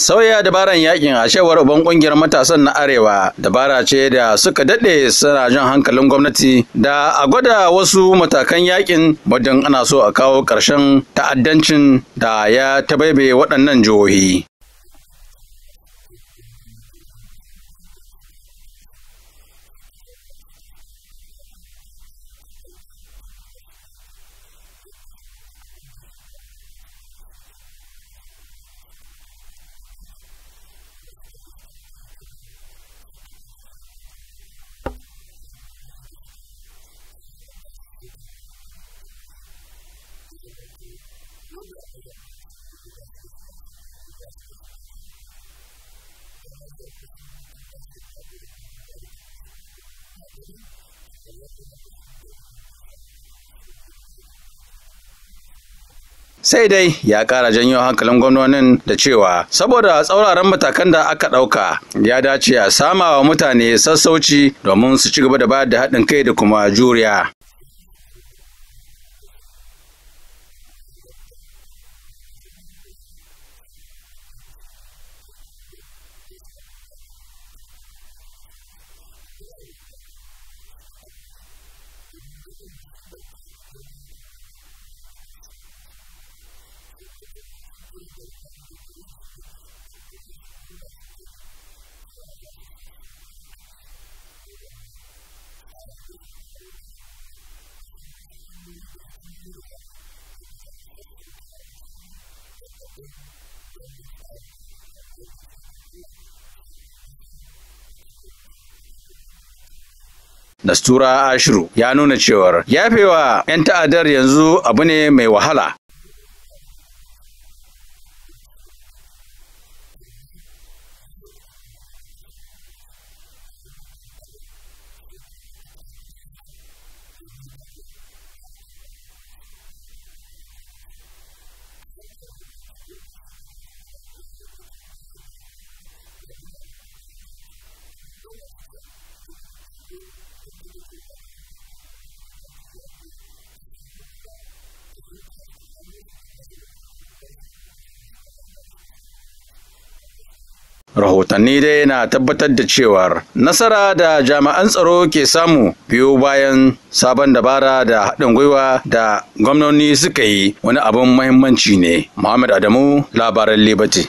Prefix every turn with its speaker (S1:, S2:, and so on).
S1: Sauya dabaran yakin a cewar uban kungiyar matasan na Arewa dabara ce da suka dade suna jan hankalin gwamnati da a gwada wasu matakan yakin muddin ana so a kawo ƙarshen ta'addancin da ya tabaibe waɗannan jihohi. sai dai ya kara janyo hankalin gwamnonin da cewa saboda tsauraran matakan da aka ɗauka ya dace a samawa mutane sassauci domin su ci gaba da bayar da haɗin kai da kuma juriya
S2: et in hoc modo
S1: omnes Nastura Ashiru ya nuna cewar yafewa 'yan ta'adar yanzu abu ne mai wahala. rahotanni dai na tabbatar da cewar nasara da jami'an tsaro ke samu biyo bayan sabon dabara da haɗin gwiwa da gwamnoni suka yi wani abin mahimmanci ne muhammad adamu labaran liberty